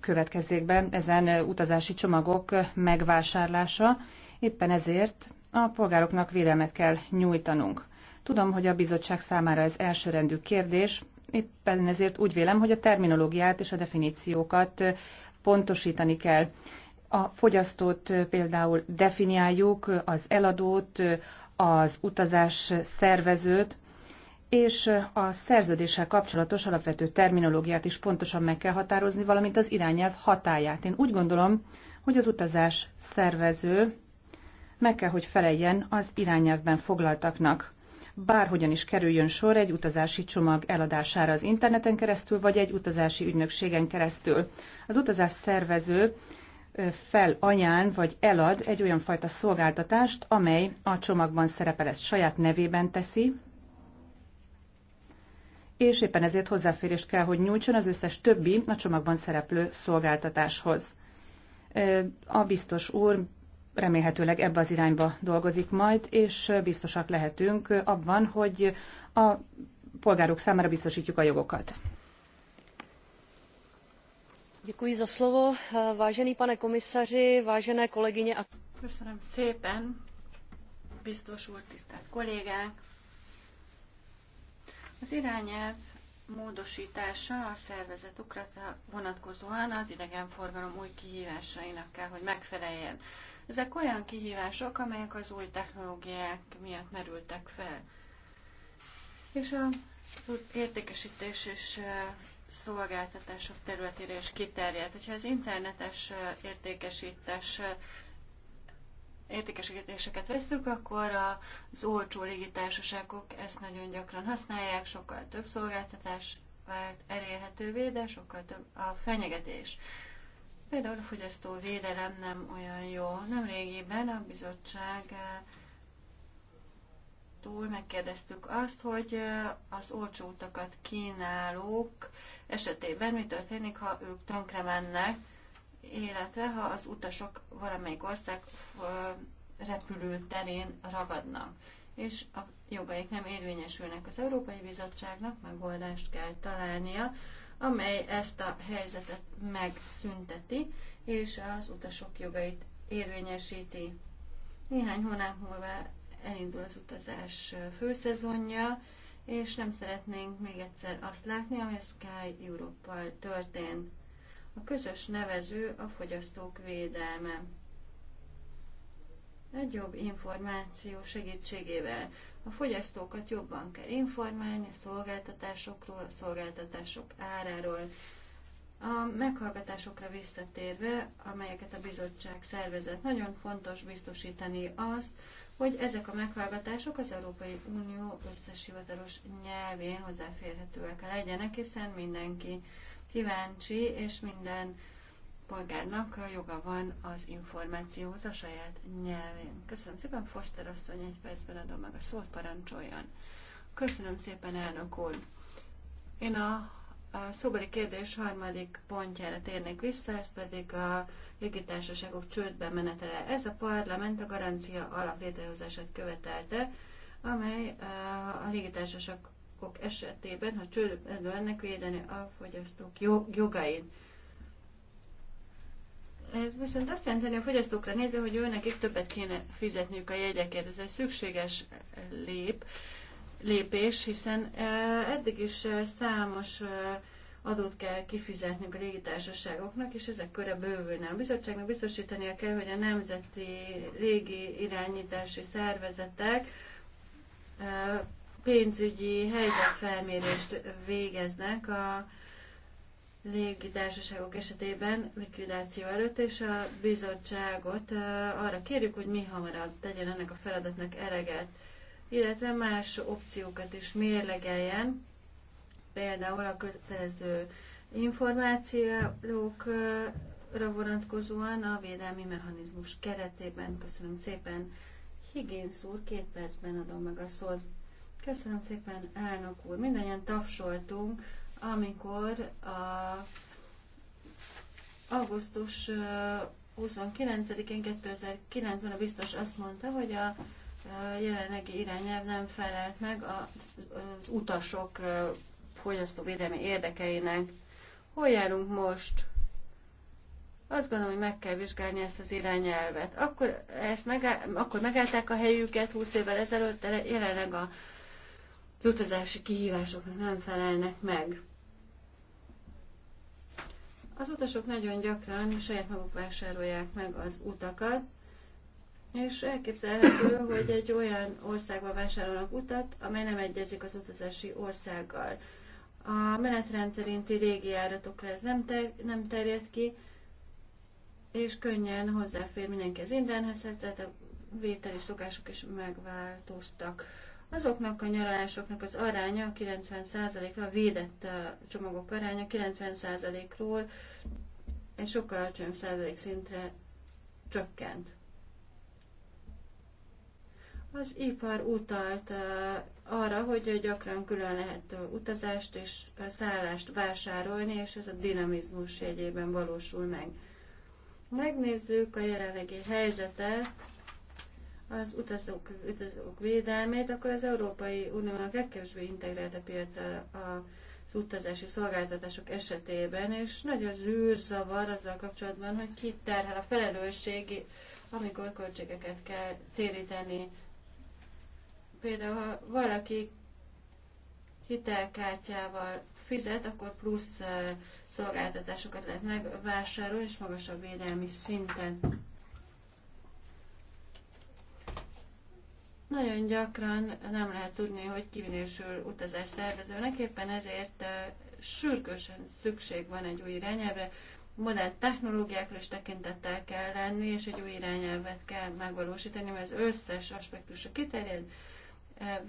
következzék be ezen utazási csomagok megvásárlása, Éppen ezért a polgároknak védelmet kell nyújtanunk. Tudom, hogy a bizottság számára ez elsőrendű kérdés, éppen ezért úgy vélem, hogy a terminológiát és a definíciókat pontosítani kell. A fogyasztót például definiáljuk, az eladót, az utazás szervezőt, és a szerződéssel kapcsolatos alapvető terminológiát is pontosan meg kell határozni, valamint az irányelv hatáját. Én úgy gondolom, hogy az utazás szervező meg kell, hogy feleljen az irányelvben foglaltaknak bárhogyan is kerüljön sor egy utazási csomag eladására az interneten keresztül, vagy egy utazási ügynökségen keresztül. Az utazás szervező felanyán vagy elad egy olyan fajta szolgáltatást, amely a csomagban szerepel, ezt saját nevében teszi, és éppen ezért hozzáférést kell, hogy nyújtson az összes többi a csomagban szereplő szolgáltatáshoz. A biztos úr remélhetőleg ebbe az irányba dolgozik majd, és biztosak lehetünk abban, hogy a polgárok számára biztosítjuk a jogokat. Děkuji za slovo. Vážený pane komisaři, vážené kolegyně a... Köszönöm szépen, biztos úr, tisztelt kollégák! Az irányelv módosítása a szervezet ukrata vonatkozóan az idegenforgalom új kihívásainak kell, hogy megfeleljen. Ezek olyan kihívások, amelyek az új technológiák miatt merültek fel. És a értékesítés és szolgáltatások területére is kiterjedt. Hogyha az internetes értékesítés értékesítéseket veszük, akkor az olcsó légitársaságok ezt nagyon gyakran használják, sokkal több szolgáltatás vált elérhetővé, de sokkal több a fenyegetés. Például a védelem nem olyan jó. Nem régiben a bizottság túl megkérdeztük azt, hogy eh, az olcsó utakat kínálók esetében mi történik, ha ők tönkre mennek, illetve ha az utasok valamelyik ország eh, repülőterén ragadnak, és a jogaik nem érvényesülnek. Az Európai Bizottságnak megoldást kell találnia amely ezt a helyzetet megszünteti, és az utasok jogait érvényesíti. Néhány hónap múlva elindul az utazás főszezonja, és nem szeretnénk még egyszer azt látni, ami a Sky europe történt. A közös nevező a fogyasztók védelme. Egy jobb információ segítségével a fogyasztókat jobban kell informálni a szolgáltatásokról, a szolgáltatások áráról. A meghallgatásokra visszatérve, amelyeket a bizottság szervezett, nagyon fontos biztosítani azt, hogy ezek a meghallgatások az Európai Unió összes hivatalos nyelvén hozzáférhetőek legyenek, hiszen mindenki kíváncsi, és minden polgárnak joga van az információhoz a saját nyelvén. Köszönöm szépen, Foster asszony, egy percben adom meg a szót, parancsoljon. Köszönöm szépen, elnök úr. Én a, a szóbeli kérdés harmadik pontjára térnék vissza, ez pedig a légitársaságok csődbe menetele. Ez a parlament a garancia alaplétrehozását követelte, amely a légitársaságok esetében, ha csődbe ennek védeni a fogyasztók jogait. Ez viszont azt jelenti, hogy a fogyasztókra nézve, hogy itt többet kéne fizetniük a jegyekért. Ez egy szükséges lép, lépés, hiszen eddig is számos adót kell kifizetnünk a légitársaságoknak, és ezek köre bővülne. A bizottságnak biztosítania kell, hogy a nemzeti légi irányítási szervezetek pénzügyi helyzetfelmérést végeznek a légitársaságok esetében likvidáció előtt, és a bizottságot arra kérjük, hogy mi hamarabb tegyen ennek a feladatnak eleget, illetve más opciókat is mérlegeljen, például a kötelező információkra vonatkozóan a védelmi mechanizmus keretében. Köszönöm szépen. Higgins úr, két percben adom meg a szót. Köszönöm szépen, elnök úr. Mindennyien tapsoltunk amikor a augusztus 29-én 2009-ben a biztos azt mondta, hogy a jelenlegi irányelv nem felelt meg az utasok fogyasztóvédelmi érdekeinek. Hol járunk most? Azt gondolom, hogy meg kell vizsgálni ezt az irányelvet. Akkor, ezt megáll, akkor megállták a helyüket 20 évvel ezelőtt, de jelenleg a, az utazási kihívásoknak nem felelnek meg. Az utasok nagyon gyakran saját maguk vásárolják meg az utakat, és elképzelhető, hogy egy olyan országba vásárolnak utat, amely nem egyezik az utazási országgal. A menetrend szerinti régi járatokra ez nem, ter- nem terjed ki, és könnyen hozzáfér mindenki az indenhez, tehát a vételi szokások is megváltoztak. Azoknak a nyaralásoknak az aránya 90%-ra, a védett csomagok aránya 90%-ról egy sokkal alacsonyabb százalék szintre csökkent. Az ipar utalt arra, hogy gyakran külön lehet utazást és szállást vásárolni, és ez a dinamizmus jegyében valósul meg. Megnézzük a jelenlegi helyzetet az utazók, utazók védelmét, akkor az Európai Uniónak legkevésbé integrált a piac az utazási szolgáltatások esetében, és nagy az űrzavar azzal kapcsolatban, hogy ki terhel a felelősség, amikor költségeket kell téríteni. Például, ha valaki hitelkártyával fizet, akkor plusz szolgáltatásokat lehet megvásárolni, és magasabb védelmi szinten. Nagyon gyakran nem lehet tudni, hogy kiminősül utazás szervezőnek, éppen ezért sürgősen szükség van egy új irányelvre, modern technológiákra is tekintettel kell lenni, és egy új irányelvet kell megvalósítani, mert az összes aspektusra kiterjed,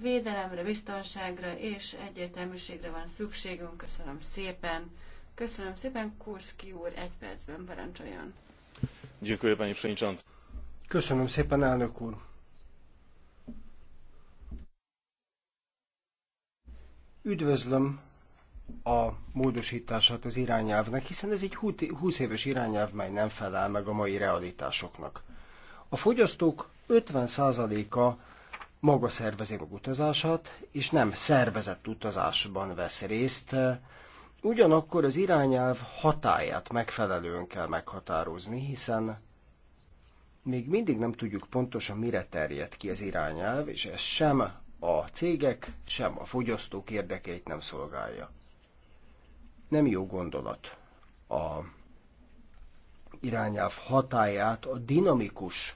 védelemre, biztonságra és egyértelműségre van szükségünk. Köszönöm szépen. Köszönöm szépen, Kurszki úr, egy percben parancsoljon. Köszönöm szépen, elnök úr. Üdvözlöm a módosítását az irányelvnek, hiszen ez egy 20 éves irányelv, mely nem felel meg a mai realitásoknak. A fogyasztók 50%-a maga szervezi a utazását, és nem szervezett utazásban vesz részt, ugyanakkor az irányelv hatáját megfelelően kell meghatározni, hiszen még mindig nem tudjuk pontosan mire terjed ki az irányelv, és ez sem a cégek, sem a fogyasztók érdekeit nem szolgálja. Nem jó gondolat a irányáv hatáját a dinamikus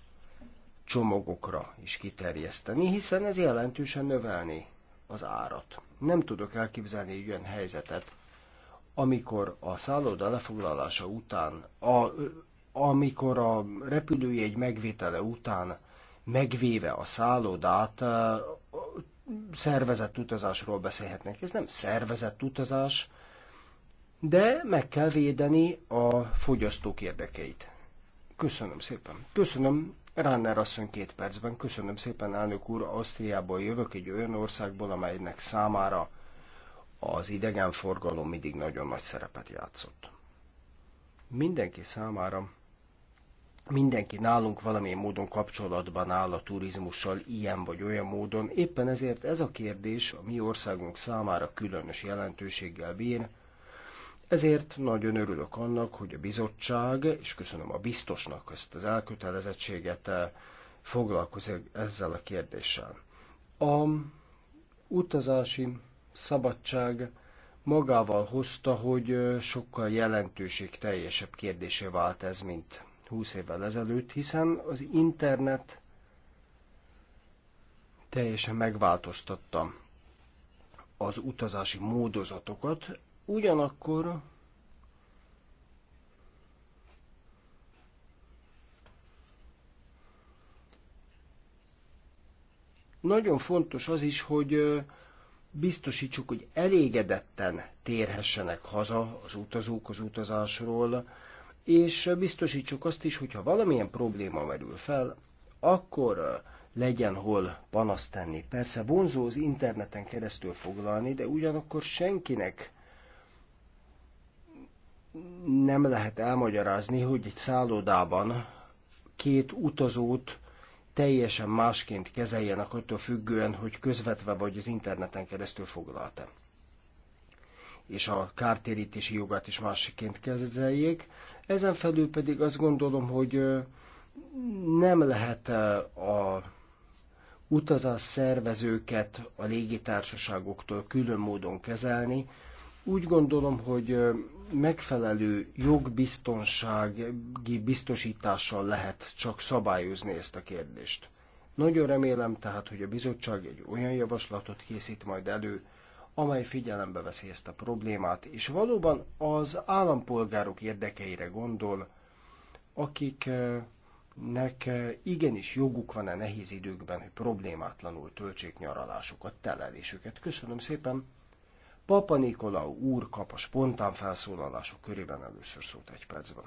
csomagokra is kiterjeszteni, hiszen ez jelentősen növelni az árat. Nem tudok elképzelni egy olyan helyzetet, amikor a szálloda lefoglalása után, a, amikor a repülőjegy megvétele után megvéve a szállodát, szervezett utazásról beszélhetnek. Ez nem szervezett utazás, de meg kell védeni a fogyasztók érdekeit. Köszönöm szépen. Köszönöm, Ránner asszony két percben. Köszönöm szépen, elnök úr, Ausztriából jövök, egy olyan országból, amelynek számára az idegenforgalom mindig nagyon nagy szerepet játszott. Mindenki számára mindenki nálunk valamilyen módon kapcsolatban áll a turizmussal, ilyen vagy olyan módon. Éppen ezért ez a kérdés a mi országunk számára különös jelentőséggel bír. Ezért nagyon örülök annak, hogy a bizottság, és köszönöm a biztosnak ezt az elkötelezettséget, foglalkozik ezzel a kérdéssel. A utazási szabadság magával hozta, hogy sokkal jelentőség teljesebb kérdése vált ez, mint 20 évvel ezelőtt, hiszen az internet teljesen megváltoztatta az utazási módozatokat, ugyanakkor nagyon fontos az is, hogy biztosítsuk, hogy elégedetten térhessenek haza az utazók az utazásról, és biztosítsuk azt is, hogyha valamilyen probléma merül fel, akkor uh, legyen hol panaszt tenni. Persze vonzó az interneten keresztül foglalni, de ugyanakkor senkinek nem lehet elmagyarázni, hogy egy szállodában két utazót teljesen másként kezeljenek attól függően, hogy közvetve vagy az interneten keresztül foglalta és a kártérítési jogát is másiként kezeljék. Ezen felül pedig azt gondolom, hogy nem lehet a utazás szervezőket a légitársaságoktól külön módon kezelni. Úgy gondolom, hogy megfelelő jogbiztonsági biztosítással lehet csak szabályozni ezt a kérdést. Nagyon remélem tehát, hogy a bizottság egy olyan javaslatot készít majd elő, amely figyelembe veszi ezt a problémát, és valóban az állampolgárok érdekeire gondol, akiknek eh, igenis joguk van a nehéz időkben, hogy problémátlanul töltsék nyaralásukat, telelésüket. Köszönöm szépen! Papa Nikolau úr kap a spontán felszólalások körében először szót egy percben.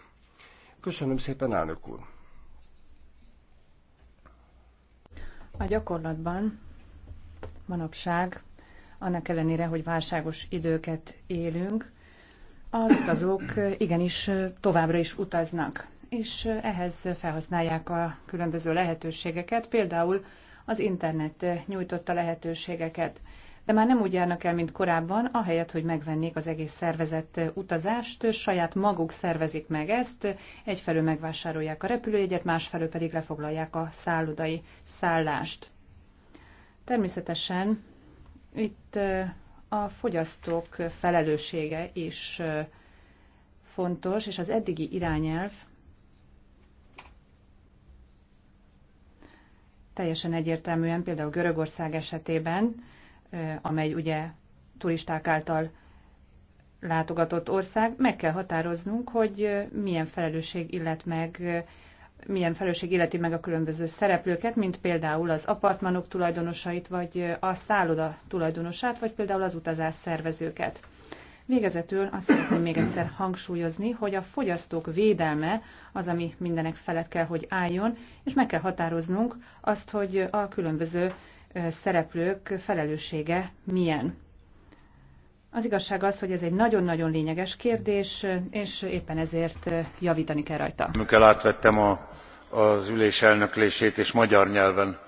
Köszönöm szépen, elnök úr! A gyakorlatban manapság annak ellenére, hogy válságos időket élünk, az utazók igenis továbbra is utaznak, és ehhez felhasználják a különböző lehetőségeket, például az internet nyújtotta lehetőségeket. De már nem úgy járnak el, mint korábban, ahelyett, hogy megvennék az egész szervezett utazást, saját maguk szervezik meg ezt, egyfelől megvásárolják a repülőjegyet, másfelől pedig lefoglalják a szállodai szállást. Természetesen itt a fogyasztók felelőssége is fontos, és az eddigi irányelv teljesen egyértelműen, például Görögország esetében, amely ugye turisták által látogatott ország, meg kell határoznunk, hogy milyen felelősség illet meg milyen felelősség illeti meg a különböző szereplőket, mint például az apartmanok tulajdonosait, vagy a szálloda tulajdonosát, vagy például az utazás szervezőket. Végezetül azt szeretném még egyszer hangsúlyozni, hogy a fogyasztók védelme az, ami mindenek felett kell, hogy álljon, és meg kell határoznunk azt, hogy a különböző szereplők felelőssége milyen. Az igazság az, hogy ez egy nagyon-nagyon lényeges kérdés, és éppen ezért eh, javítani kell rajta. Mikkel átvettem a, az ülés elnöklését, és magyar nyelven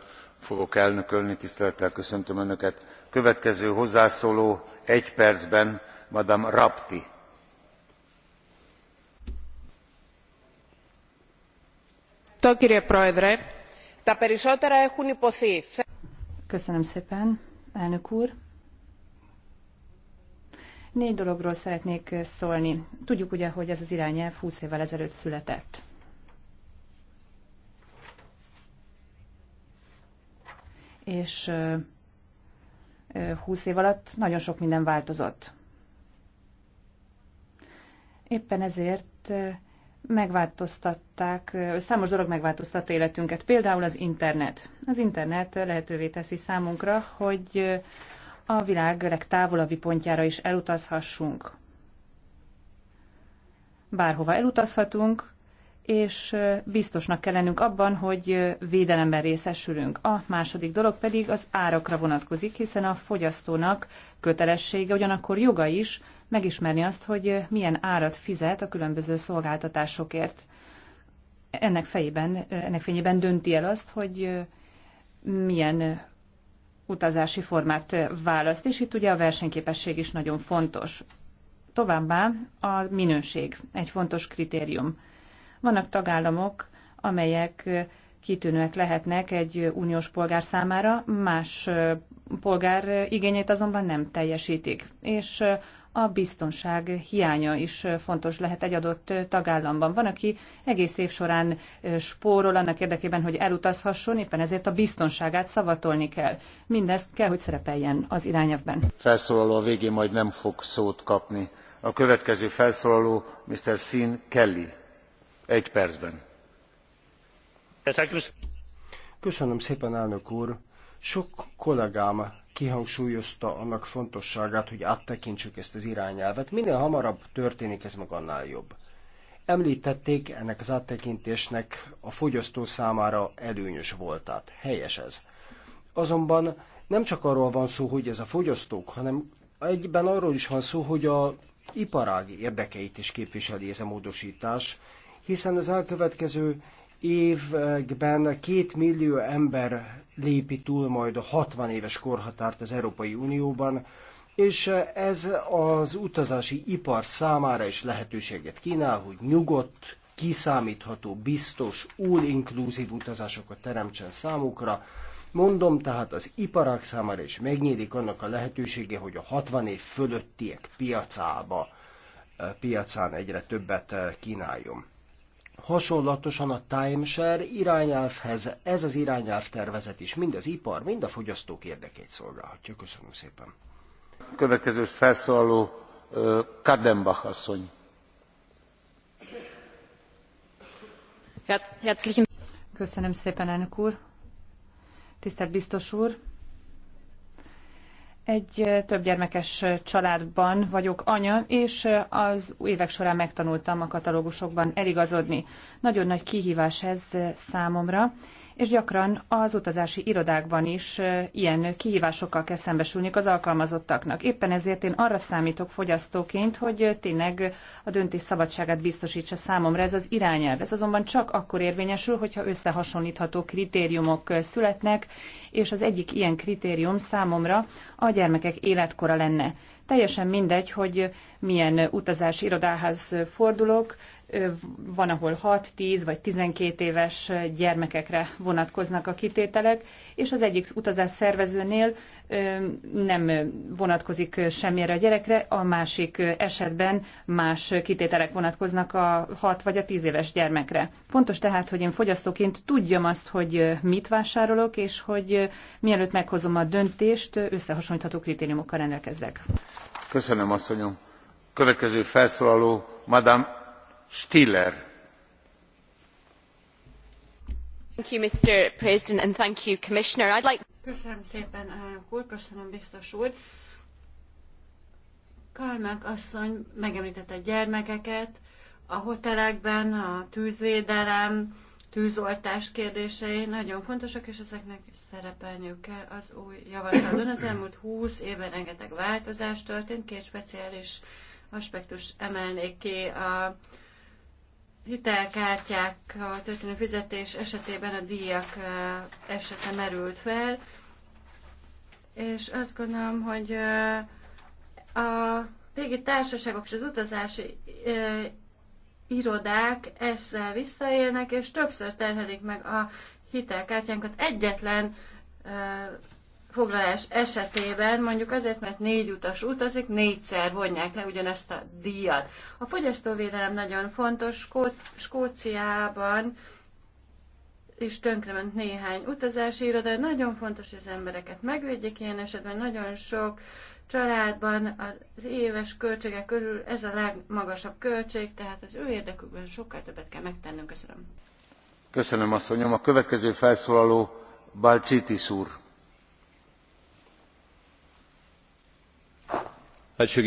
fogok elnökölni, tisztelettel köszöntöm Önöket. Következő hozzászóló egy percben Madame Rapti. Köszönöm szépen, elnök úr. Négy dologról szeretnék szólni. Tudjuk ugye, hogy ez az irányelv 20 évvel ezelőtt született. És 20 év alatt nagyon sok minden változott. Éppen ezért megváltoztatták, számos dolog megváltoztatta életünket, például az internet. Az internet lehetővé teszi számunkra, hogy a világ legtávolabbi pontjára is elutazhassunk. Bárhova elutazhatunk, és biztosnak kell lennünk abban, hogy védelemben részesülünk. A második dolog pedig az árakra vonatkozik, hiszen a fogyasztónak kötelessége, ugyanakkor joga is megismerni azt, hogy milyen árat fizet a különböző szolgáltatásokért. Ennek fejében, ennek fényében dönti el azt, hogy milyen utazási formát választ, és itt ugye a versenyképesség is nagyon fontos. Továbbá a minőség egy fontos kritérium. Vannak tagállamok, amelyek kitűnőek lehetnek egy uniós polgár számára, más polgár igényét azonban nem teljesítik. És a biztonság hiánya is fontos lehet egy adott tagállamban. Van, aki egész év során spórol annak érdekében, hogy elutazhasson, éppen ezért a biztonságát szavatolni kell. Mindezt kell, hogy szerepeljen az irányelvben. Felszólaló a végén majd nem fog szót kapni. A következő felszólaló Mr. Sean Kelly. Egy percben. Köszönöm szépen, elnök úr. Sok kollégám kihangsúlyozta annak fontosságát, hogy áttekintsük ezt az irányelvet. Minél hamarabb történik ez meg, annál jobb. Említették ennek az áttekintésnek a fogyasztó számára előnyös voltát. Helyes ez. Azonban nem csak arról van szó, hogy ez a fogyasztók, hanem egyben arról is van szó, hogy a iparági érdekeit is képviseli ez a módosítás, hiszen az elkövetkező években két millió ember lépi túl majd a 60 éves korhatárt az Európai Unióban, és ez az utazási ipar számára is lehetőséget kínál, hogy nyugodt, kiszámítható, biztos, all-inclusive utazásokat teremtsen számukra. Mondom, tehát az iparák számára is megnyílik annak a lehetősége, hogy a 60 év fölöttiek piacába, piacán egyre többet kínáljon hasonlatosan a timeshare irányelvhez ez az irányelv tervezet is mind az ipar, mind a fogyasztók érdekét szolgálhatja. Köszönöm szépen. Következő felszólaló Kadenbach asszony. Köszönöm szépen, elnök úr. Tisztelt biztos úr, egy többgyermekes családban vagyok anya, és az évek során megtanultam a katalógusokban eligazodni. Nagyon nagy kihívás ez számomra, és gyakran az utazási irodákban is ilyen kihívásokkal kell szembesülni az alkalmazottaknak. Éppen ezért én arra számítok fogyasztóként, hogy tényleg a döntés szabadságát biztosítsa számomra ez az irányelv. Ez azonban csak akkor érvényesül, hogyha összehasonlítható kritériumok születnek, és az egyik ilyen kritérium számomra a gyermekek életkora lenne. Teljesen mindegy, hogy milyen utazási irodához fordulok, van, ahol 6, 10 vagy 12 éves gyermekekre vonatkoznak a kitételek, és az egyik utazás szervezőnél nem vonatkozik semmire a gyerekre, a másik esetben más kitételek vonatkoznak a 6 vagy a 10 éves gyermekre. Fontos tehát, hogy én fogyasztóként tudjam azt, hogy mit vásárolok, és hogy mielőtt meghozom a döntést, összehasonlítható kritériumokkal rendelkezzek. Köszönöm, asszonyom. Következő felszólaló, Madame Stiller. Mr. President, and thank you, like... Köszönöm szépen, elnök úr, köszönöm, biztos úr. Kalmák asszony megemlítette gyermekeket, a hotelekben a tűzvédelem, tűzoltás kérdései nagyon fontosak, és ezeknek szerepelniük kell az új javaslatban. Az elmúlt 20 évben rengeteg változás történt, két speciális aspektus emelnék ki a hitelkártyákkal történő fizetés esetében a díjak esete merült fel, és azt gondolom, hogy a régi társaságok és az utazási irodák ezzel visszaélnek, és többször terhelik meg a hitelkártyánkat egyetlen foglalás esetében mondjuk azért, mert négy utas utazik, négyszer vonják le ugyanezt a díjat. A fogyasztóvédelem nagyon fontos. Skó- Skóciában is tönkrement néhány utazási iroda. Nagyon fontos, hogy az embereket megvédjék ilyen esetben. Nagyon sok családban az éves költségek körül ez a legmagasabb költség, tehát az ő érdekükben sokkal többet kell megtennünk. Köszönöm. Köszönöm, asszonyom. A következő felszólaló Balcsitis úr Elnök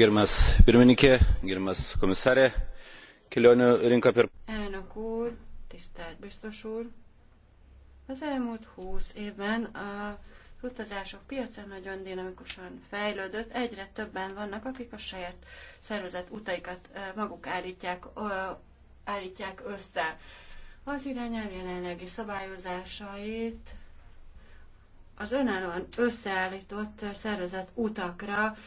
úr, tisztelt biztos úr! Az elmúlt húsz évben a utazások piaca nagyon dinamikusan fejlődött, egyre többen vannak, akik a saját szervezett utaikat eh, maguk állítják, állítják össze. Az irányelv jelenlegi szabályozásait az önállóan összeállított szervezett utakra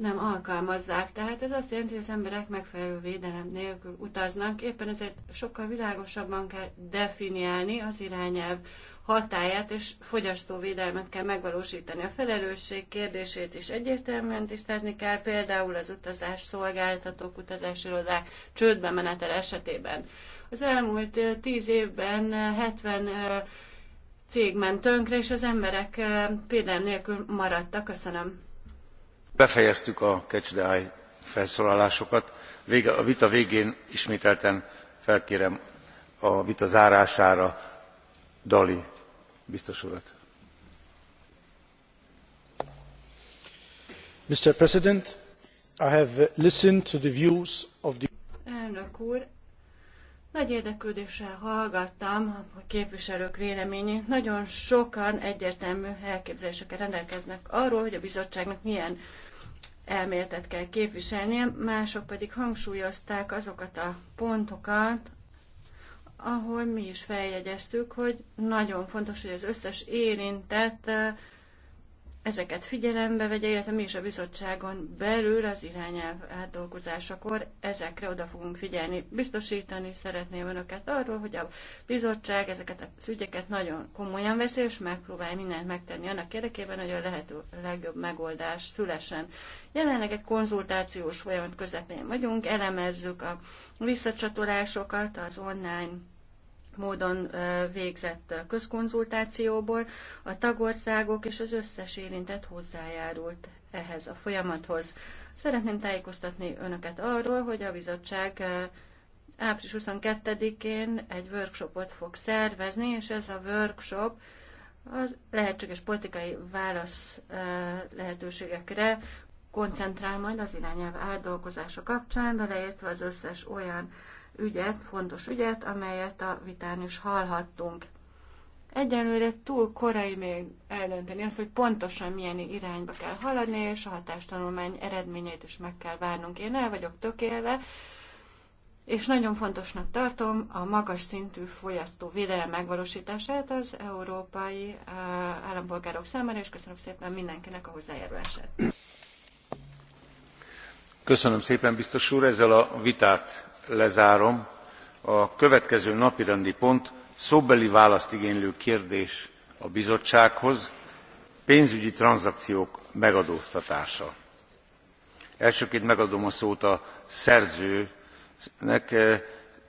nem alkalmazzák. Tehát ez azt jelenti, hogy az emberek megfelelő védelem nélkül utaznak. Éppen ezért sokkal világosabban kell definiálni az irányelv hatáját, és fogyasztóvédelmet kell megvalósítani. A felelősség kérdését is egyértelműen tisztázni kell, például az utazás szolgáltatók, utazásirodák csődbe menetel esetében. Az elmúlt eh, tíz évben 70 eh, eh, cég ment tönkre, és az emberek például nélkül maradtak. Köszönöm befejeztük a catch the eye felszólalásokat. a vita végén ismételten felkérem a vita zárására dalli biztos urat. mr president i have listened to the views of the. elnök úr nagy érdeklődéssel hallgattam a képviselők véleményét. Nagyon sokan egyértelmű elképzeléseket rendelkeznek arról, hogy a bizottságnak milyen elméletet kell képviselnie, mások pedig hangsúlyozták azokat a pontokat, ahol mi is feljegyeztük, hogy nagyon fontos, hogy az összes érintett eh, ezeket figyelembe vegye, illetve mi is a bizottságon belül az irányelv átdolgozásakor ezekre oda fogunk figyelni. Biztosítani szeretném önöket arról, hogy a bizottság ezeket a ügyeket nagyon komolyan veszi, és megpróbál mindent megtenni annak érdekében, hogy a lehető legjobb megoldás szülesen. Jelenleg egy konzultációs folyamat közepén vagyunk, elemezzük a visszacsatolásokat, az online módon végzett közkonzultációból. A tagországok és az összes érintett hozzájárult ehhez a folyamathoz. Szeretném tájékoztatni önöket arról, hogy a bizottság április 22-én egy workshopot fog szervezni, és ez a workshop az lehetséges politikai válasz lehetőségekre koncentrál majd az irányelv átdolgozása kapcsán, beleértve az összes olyan ügyet, fontos ügyet, amelyet a vitán is hallhattunk. Egyenlőre túl korai még eldönteni azt, hogy pontosan milyen irányba kell haladni, és a hatástanulmány eredményeit is meg kell várnunk. Én el vagyok tökélve, és nagyon fontosnak tartom a magas szintű védelem megvalósítását az európai állampolgárok számára, és köszönöm szépen mindenkinek a hozzájárulását. Köszönöm szépen, biztos úr, ezzel a vitát lezárom. a következő napirendi pont szóbeli választ igénylő kérdés a bizottsághoz pénzügyi tranzakciók megadóztatása. elsőként megadom a szót a szerzőnek eh,